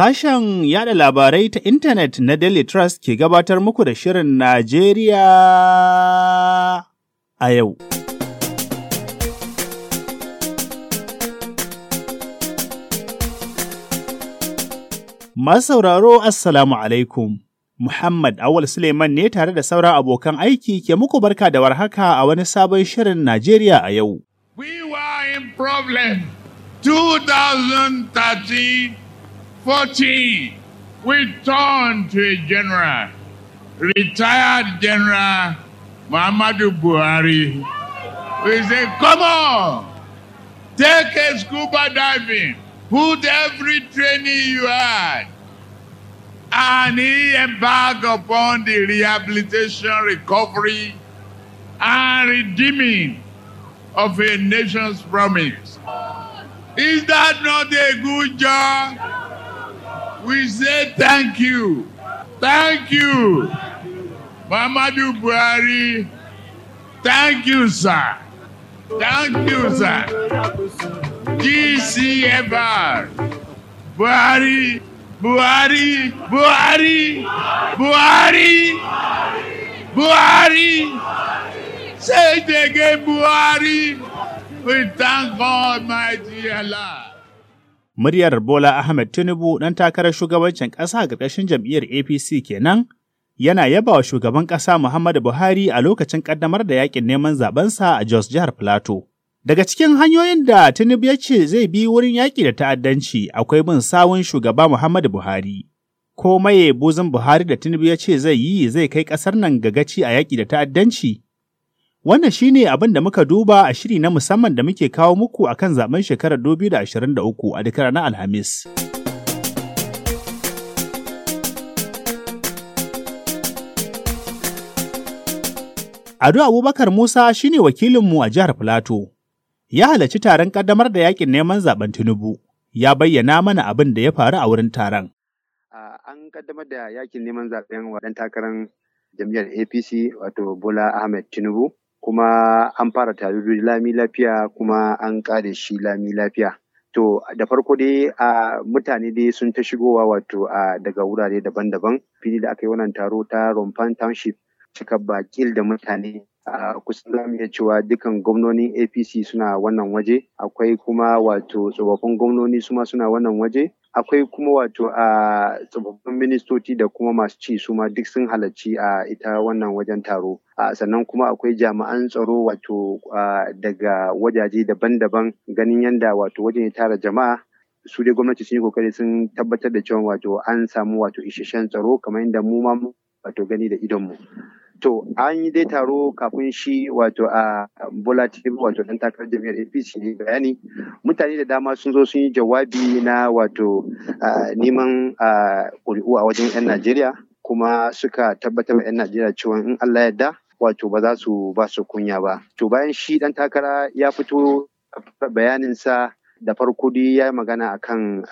Sashen yada labarai ta intanet na Daily Trust ke gabatar muku da Shirin Najeriya a yau. Masu sauraro Assalamu alaikum. Muhammad Awal Suleiman ne tare da sauran abokan aiki ke muku barka da warhaka a wani sabon Shirin Najeriya a yau. We were in problem 2013 14, we turn to a general, retired General Muhammadu Buhari. We say, come on, take a scuba diving, put every training you had, and he embarked upon the rehabilitation, recovery, and redeeming of a nation's promise. Is that not a good job? We say thank you. Thank you. Muhammadu Buhari. Thank you, sir. Thank you, sir. GCFR. Buhari. Buhari. Buhari. Buhari. Buhari. Say it again, Buhari. We thank God, my dear Allah. Muryar Bola Ahmed Tinubu ɗan takarar shugabancin ƙasa a ƙarƙashin jam'iyyar APC kenan yana yaba wa shugaban ƙasa Muhammadu Buhari a lokacin ƙaddamar da yaƙin neman zabensa a Jos jihar Plateau. Daga cikin hanyoyin da Tinubu ya ce zai bi wurin yaƙi da ta'addanci akwai bin sawun shugaba Muhammadu Buhari. Ko maye buzin Buhari da Tinubu ya ce zai yi zai kai ƙasar nan ga a yaƙi da ta'addanci Wannan shi ne abin da muka duba a shiri na musamman da muke kawo muku a kan zaben shekarar 2023 a dukkan na Alhamis. Ado Abubakar Musa shi ne wakilinmu a jihar Filato. Ya halarci taron ƙaddamar da yakin neman zaben Tinubu, ya bayyana mana abin da ya faru a wurin taron. An ƙaddamar da yakin neman zaben wa takarar jam'iyyar APC wato Bola Ahmed Tinubu. kuma an fara tari lami lafiya kuma an ƙare shi lami lafiya. To da farko dai a mutane dai sun ta shigowa wato a daga wurare daban-daban fili da aka yi wannan taro ta rumfan Township cika bakil da mutane a kusan mu iya cewa dukan gwamnonin APC suna wannan waje akwai kuma wato tsofaffin gwamnoni suma suna wannan waje akwai kuma wato a tsofaffin ministoci da kuma masu ci su ma duk sun halarci a ita wannan wajen taro sannan kuma akwai jami'an tsaro wato daga wajaje daban-daban ganin yadda wato wajen ya tara jama'a su dai gwamnati sun yi kokari sun tabbatar da cewa wato an samu wato isasshen tsaro kamar yadda mu ma wato gani da idonmu To an yi dai taro kafin shi wato a Bola wato dan takarar jami'ar APC ne bayani mutane da dama sun zo sun yi jawabi na wato neman ƙuri'u a wajen 'yan Najeriya kuma suka tabbatar 'yan Najeriya cewa in Allah yadda wato ba za su ba su kunya ba. To bayan shi dan takara ya fito bayanin sa. da farko dai ya yi magana a kan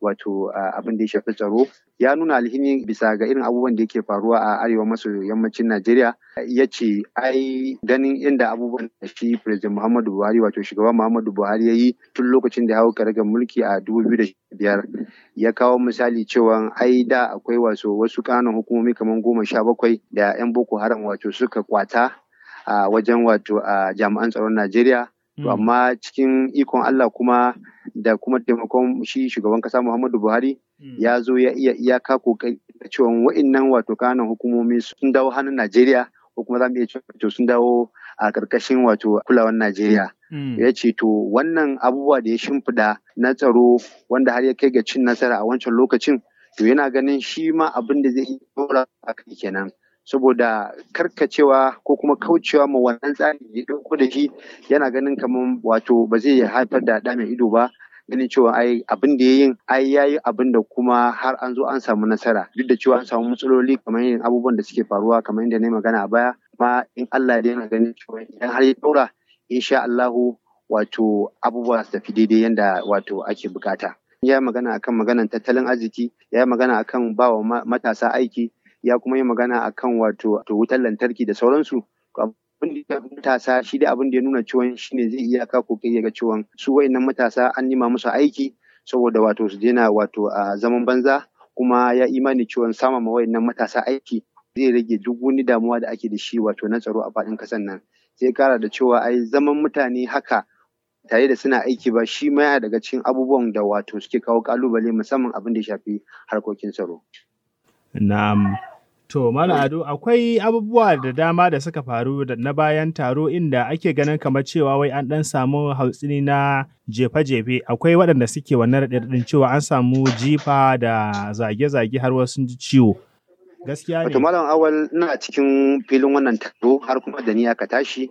wato abin da ya shafi tsaro ya nuna alhini bisa ga irin abubuwan da yake faruwa a arewa maso yammacin najeriya ya ce ai ganin inda abubuwan da shi president muhammadu buhari wato shugaban muhammadu buhari ya yi tun lokacin da ya hauka karagar mulki a 2005 ya kawo misali cewa ai da akwai wasu wasu kanun hukumomi kamar goma sha bakwai da 'yan boko haram wato suka kwata a wajen wato a jami'an tsaron najeriya to mm. amma cikin ikon Allah kuma da kuma taimakon shi shugaban kasa Muhammadu Buhari mm. ya zo ya iya iyaka kokari cewa wa'annan wato kanan hukumomi sun dawo hannun Najeriya ko kuma za iya cewa sun dawo a karkashin wato kulawan Najeriya. Mm. Ya ce to wannan abubuwa da ya shimfiɗa na tsaro wanda har ya kai ga cin nasara a wancan lokacin to yana ganin shi ma abin da zai yi dora a kai kenan. saboda karkacewa ko kuma kaucewa ma wannan da ya ɗauko da shi yana ganin kamar wato ba zai haifar da ɗa mai ido ba ganin cewa ai abin da ya yi ai ya yi abin da kuma har an zo an samu nasara duk da cewa an samu matsaloli kamar yin abubuwan da suke faruwa kamar yadda na yi magana a baya ma in Allah ya yana ganin cewa idan har ya ɗaura insha Allahu wato abubuwa su tafi daidai yanda wato ake bukata. Ya magana akan maganan tattalin arziki, ya magana akan bawa matasa aiki, ya kuma yi magana a kan wato wutar lantarki da sauransu abin da matasa shi da abin da ya nuna ciwon shi ne zai iyaka kai ga ciwon su wayannan matasa an nima musu aiki saboda wato su daina wato a zaman banza kuma ya imani ciwon sama ma wayannan matasa aiki zai rage duk wani damuwa da ake da shi wato na tsaro a faɗin ƙasar nan sai kara da cewa ai zaman mutane haka tare da suna aiki ba shi ma ya daga cikin abubuwan da wato suke kawo kalubale musamman abin da ya shafi harkokin tsaro. Na'am. To, mana Ado, akwai abubuwa da dama da suka faru da na bayan taro inda ake ganin kamar cewa wai an dan samu hautsini na jefe-jefe. Akwai waɗanda suke wannan raɗaɗin cewa an samu jifa da zage-zage har wasu ciwo. Gaskiya ne. Wato Malam Awal na cikin filin wannan taro har kuma da ni aka tashi.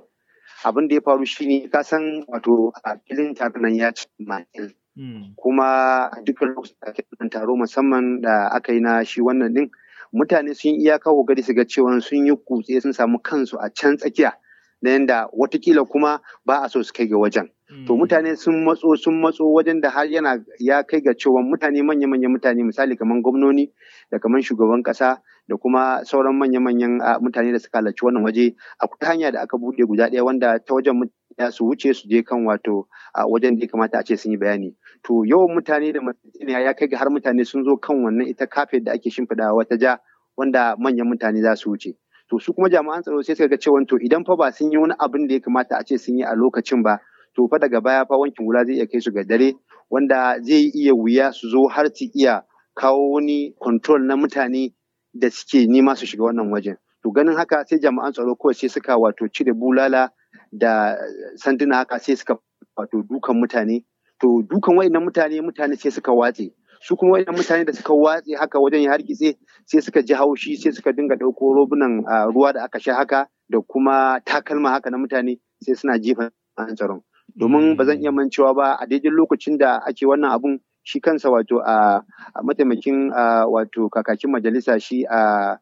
Abin da ya faru shine ka san wato a filin taro nan ya ci ma'il. Hmm. Kuma a dukkan lokacin da taro musamman da aka yi na shi wannan din. mutane sun iya kawo kokari su ga cewa sun yi kutse sun samu kansu a can tsakiya na yadda watakila kuma ba a so su kai ga wajen hmm. to mutane sun matso sun matso wajen da har yana ya kai ga cewa mutane manya manya mutane misali kamar gwamnoni da kamar shugaban kasa da kuma sauran manya-manyan mutane da suka halarci wannan waje akwai hanya da aka bude guda ɗaya wanda ta wajen su wuce su je kan wato a wajen da ya kamata a ce sun yi bayani to yawan mutane da matsatiniya ya kai ga har mutane sun zo kan wannan ita kafet da ake shimfiɗa wata ja wanda manyan mutane za su wuce to su kuma jami'an tsaro sai suka ga cewa to idan fa ba sun yi wani abin da ya kamata a ce sun yi a lokacin ba to fa daga baya fa wankin wula zai iya kai su ga dare wanda zai iya wuya su zo har su iya kawo wani control na mutane da suke nema su shiga wannan wajen to ganin haka sai jami'an tsaro kawai sai suka wato cire bulala da sanduna haka sai suka fato dukan mutane to dukan wayannan mutane mutane sai suka watse su kuma wayannan mutane da suka watse haka wajen ya hargitse sai suka ji haushi sai suka dinga ɗauko robunan ruwa da aka sha haka da kuma takalma haka na mutane sai suna jefa an tsaron domin ba zan iya mancewa ba a daidai lokacin da ake wannan abun shi kansa wato a mataimakin wato kakakin majalisa shi a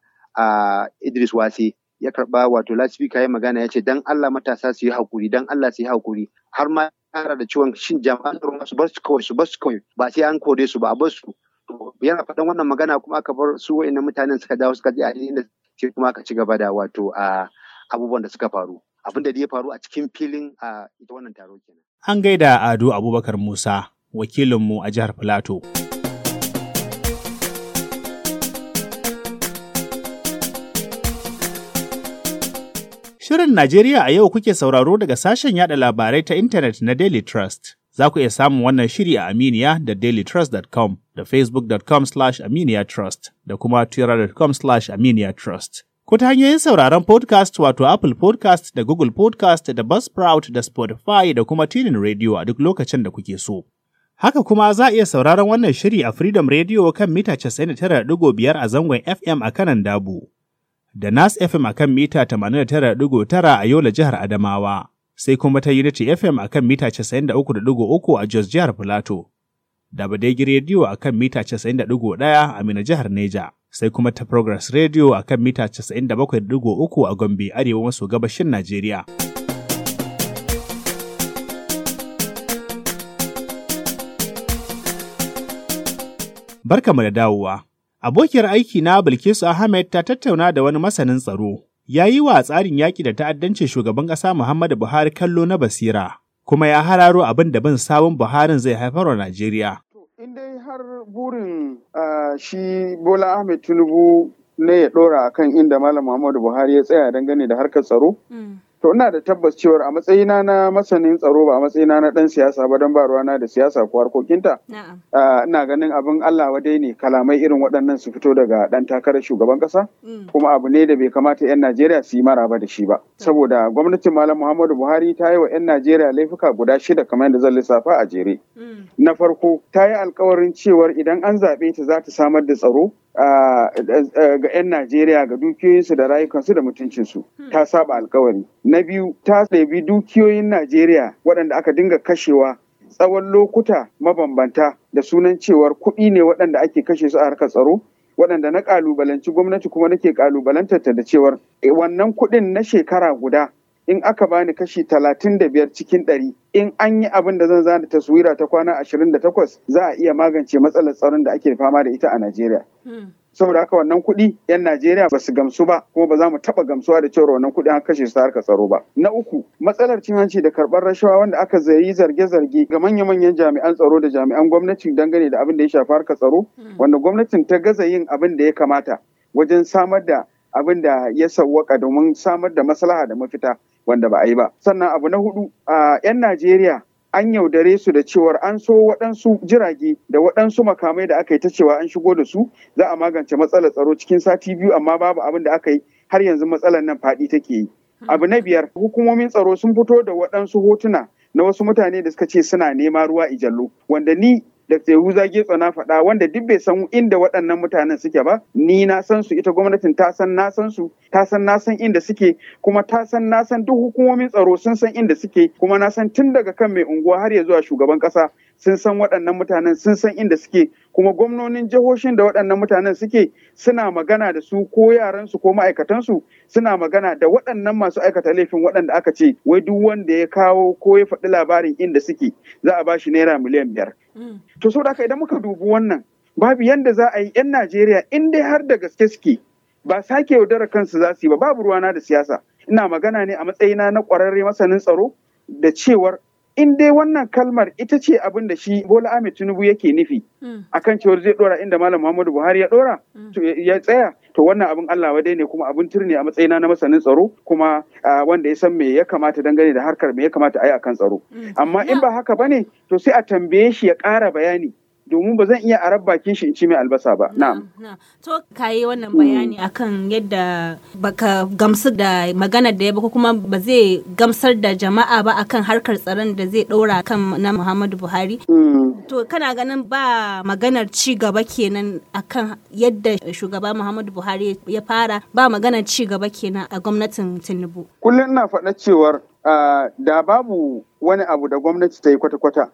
Idris Wase ya karba wato lasifika ya magana ya ce dan Allah matasa su yi hakuri dan Allah su yi hakuri har ma kara da ciwon shin jama'an tsaro su bar su kawai su bar su kawai ba sai an kore su ba a bar su yana faɗan wannan magana kuma aka bar su wa'annan mutanen suka dawo suka je a inda sai kuma aka ci gaba da wato a abubuwan da suka faru abin da ya faru a cikin filin a ita wannan taro kenan an gaida Ado Abubakar Musa wakilinmu a jihar Plateau Shirin Najeriya a yau kuke sauraro daga sashen yada labarai ta intanet na Daily Trust. Za ku iya samun wannan shiri a Aminiya da dailytrust.com da facebook.com slash aminiya trust da kuma twitter.com slash aminiya trust. ta hanyoyin sauraron podcast wato Apple podcast da Google podcast da Buzzsprout da Spotify da kuma Tunin Radio a duk lokacin da kuke so. Haka kuma za a iya sauraron wannan shiri a Freedom Radio kan mita 99.5 a zangon FM a kanan Dabu. da Nas FM a kan mita 89.9 a Yola jihar Adamawa, sai kuma ta Unity FM a kan mita 93.3 a Jos jihar Filato, da Badegi Radio a kan mita 91.1 a Mina jihar Neja, sai kuma ta Progress Radio a kan mita 97.3 a Gombe arewa maso gabashin Najeriya. Barka mu da dawowa. Abokiyar aiki na Bilkisu Ahmed ta tattauna da wani masanin tsaro. Ya yi wa tsarin yaƙi da ta'addancin shugaban ƙasa Muhammadu Buhari kallo na basira, kuma ya hararo abin da bin sabon Buharin zai haifar wa Najeriya. In dai har burin shi Bola Ahmed Tinubu ne ya ɗora kan inda Malam Muhammadu Buhari ya tsaya dangane da harkar tsaro, hmm. To ina da tabbas cewar a matsayina na masanin tsaro ba a matsayina na ɗan siyasa ba don ba ruwana da siyasa ko harkokinta. Ina ganin abin Allah wadai ne kalamai irin waɗannan su fito daga ɗan takarar shugaban ƙasa. Mm. Kuma abu ne da bai kamata 'yan Najeriya su yi maraba da shi ba. Saboda gwamnatin Malam Muhammadu Buhari ta yi wa 'yan Najeriya laifuka guda shida kamar yadda zan lissafa a jere. Mm. Na farko ta yi alkawarin cewar idan an zaɓe ta za ta samar da tsaro ga 'yan Najeriya ga dukiyoyinsu da rayukansu da mutuncinsu hmm. ta saba alkawari. Na biyu ta ɗabi dukiyoyin Najeriya waɗanda aka dinga kashewa tsawon lokuta mabambanta da sunan cewar kuɗi ne waɗanda ake kashe su a harkar tsaro waɗanda na ƙalubalanci gwamnati kuma nake ƙalubalantar da cewar eh, wannan kuɗin na shekara guda in aka bani kashi talatin da biyar cikin ɗari in an yi abin da zan zana taswira ta kwana ashirin da takwas za a iya magance matsalar tsaron da ake fama da ita a Najeriya. Hmm. saboda haka wannan kuɗi 'yan Najeriya ba su gamsu ba kuma ba za mu taɓa gamsuwa da cewa wannan kuɗi an kashe su ta harkar tsaro ba. Na uku matsalar cin hanci da karɓar rashawa wanda aka zayi zarge-zarge ga manya-manyan jami'an tsaro da jami'an gwamnati dangane da abin da ya shafi harkar tsaro hmm. wanda gwamnatin ta gaza yin abin da ya kamata wajen samar da abin da ya sawwaka domin samar da maslaha da mafita wanda ba a yi ba sannan abu na hudu a 'yan najeriya an yaudare su da cewar an so waɗansu jirage da waɗansu makamai da aka yi ta cewa an shigo da su za a magance matsalar tsaro cikin sati biyu amma babu abin da aka yi har yanzu matsalar nan faɗi take yi abu na biyar hukumomin tsaro sun fito da waɗansu hotuna na wasu mutane da suka ce suna nema ruwa ijallo wanda ni da Yahuza Getso na faɗa wanda duk bai san inda waɗannan mutanen suke ba, ni na san su ita gwamnatin ta san na san su, ta san na san inda suke, kuma ta san na san duk hukumomin tsaro sun san inda suke, kuma na san tun daga kan mai unguwa har ya zuwa shugaban ƙasa sun san waɗannan mutanen sun san inda suke kuma gwamnonin jihohin da waɗannan mutanen suke suna magana da su ko yaransu ko ma'aikatansu suna magana da waɗannan masu aikata laifin waɗanda aka ce wai duk wanda ya kawo ko ya faɗi labarin inda suke za a shi naira miliyan biyar. Mm. To saboda haka idan muka dubi wannan babu yanda za a yi 'yan Najeriya in dai har da gaske suke ba sake yaudara kansu za su yi ba babu ruwana da siyasa. Ina magana ne a matsayina na kwararre masanin tsaro da cewar in dai wannan kalmar ita ce abin da shi Bola Ahmed Tinubu yake nufi hmm. akan cewar zai dora inda Malam Muhammadu Buhari ya dora hmm. ya tsaya to wannan abin Allah wadai ne kuma abin turne a matsayina na masanin tsaro kuma wanda ya san me ya kamata dangane da harkar me ya kamata a yi akan tsaro hmm. amma in ba haka bane to sai a tambaye shi ya kara bayani domin ba zan iya a bakin shi in ci mai albasa ba. Na'am. To ka yi wannan bayani mm. akan yadda baka gamsu da maganar da ya ba kuma ba zai gamsar da jama'a ba akan harkar tsaron da zai ɗora kan na Muhammadu Buhari. Mm. To kana ganin ba maganar ci gaba kenan akan yadda shugaba Muhammadu Buhari ya fara ba maganar ci gaba kenan a gwamnatin Tinubu. Kullum na faɗa cewar ah, da babu wani abu da gwamnati ta yi kwata-kwata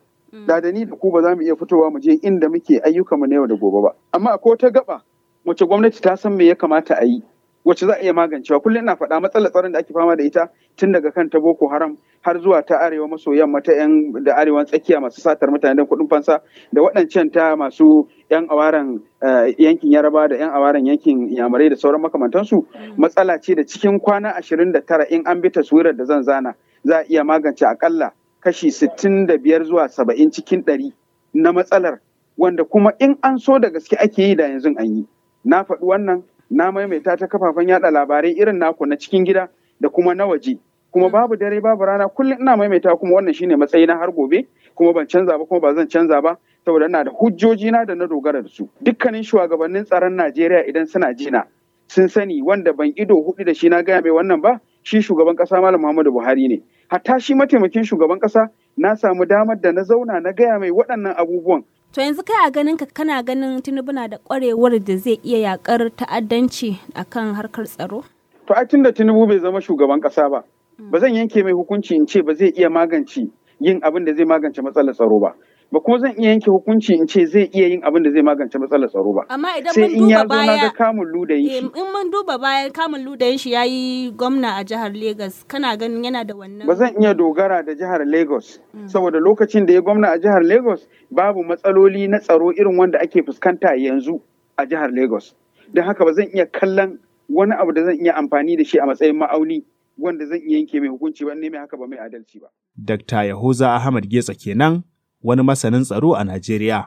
da da ni da ku ba za mu iya fitowa mu je inda muke ayyukanmu na yau da gobe ba amma ko ta gaba wace gwamnati ta san me ya kamata a yi wacce za a iya magancewa kullum ina faɗa matsalar tsaron da ake fama da ita tun daga kan ta boko haram har zuwa ta arewa maso yamma ta yan da arewa tsakiya masu satar mutane don kuɗin fansa da waɗancan ta masu yan awaran eh, yankin yaraba da yan awaran yankin yamarai da sauran makamantansu mm. matsala ce da cikin kwana ashirin da tara in an bi taswirar da zan zana za a iya magance akalla kashi 65 zuwa 70 cikin 100 na matsalar wanda kuma in an so da gaske ake yi da yanzu an yi na faɗi wannan na maimaita ta kafafen yada labarai irin naku na cikin gida da kuma na waje kuma babu dare babu rana kullum ina maimaita kuma wannan shine na har gobe kuma ban canza ba kuma ba zan canza ba saboda ina da hujjoji na da na dogara da su dukkanin shugabannin tsaron Najeriya idan suna jina sun sani wanda ban ido hudu da shi na gaya mai wannan ba shi shugaban kasa malam Muhammadu Buhari ne hatta shi mataimakin shugaban kasa na samu damar da na zauna na gaya mai waɗannan abubuwan to yanzu kai a ganin ka kana ganin Tinubu na da ƙwarewar da zai iya yakar ta'addanci akan harkar tsaro to a da Tinubu bai zama shugaban kasa ba hmm. ba zan yanke mai hukunci in ce ba zai iya magance yin abin da zai magance matsalar tsaro ba ba kuma zan iya yanke hukunci in ce zai iya yin abin da zai magance matsalar tsaro ba amma idan ya zo ga kamun ludayin shi eh, in mun duba bayan kamun ludayin shi yayi gwamna a jihar Lagos kana ganin yana da wannan ba zan iya dogara da jihar Lagos mm. saboda lokacin da ya gwamna a jihar Lagos babu matsaloli na tsaro irin wanda ake fuskanta yanzu a jihar Lagos don haka ba zan iya kallon wani abu da zan iya amfani da shi a matsayin ma'auni wanda zan iya yanke mai hukunci ba ne mai haka ba mai adalci ba. Dr Yahuza Ahmad Getsa kenan wani masanin tsaro a Najeriya.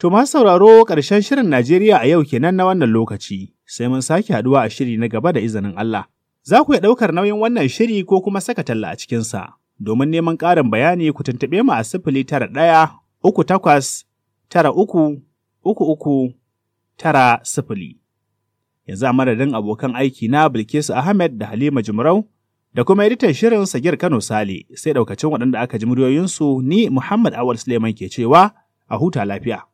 Tuma sauraro ƙarshen shirin Najeriya a yau kenan na wannan lokaci, sai mun sake haɗuwa a shiri na gaba da izinin Allah. Za ku iya ɗaukar nauyin wannan shiri ko kuma saka talla a cikinsa. Domin neman ƙarin bayani ku tuntuɓe mu a sifili tara ɗaya, uku takwas, tara uku, uku uku, tara sifili. yanzu a madadin abokan aiki na Bilkisu Ahmed da Halima Jumrau da kuma editan shirin Sagir Kano Sale sai daukacin waɗanda aka ji muryoyinsu ni Muhammad Awal Suleiman ke cewa a huta lafiya.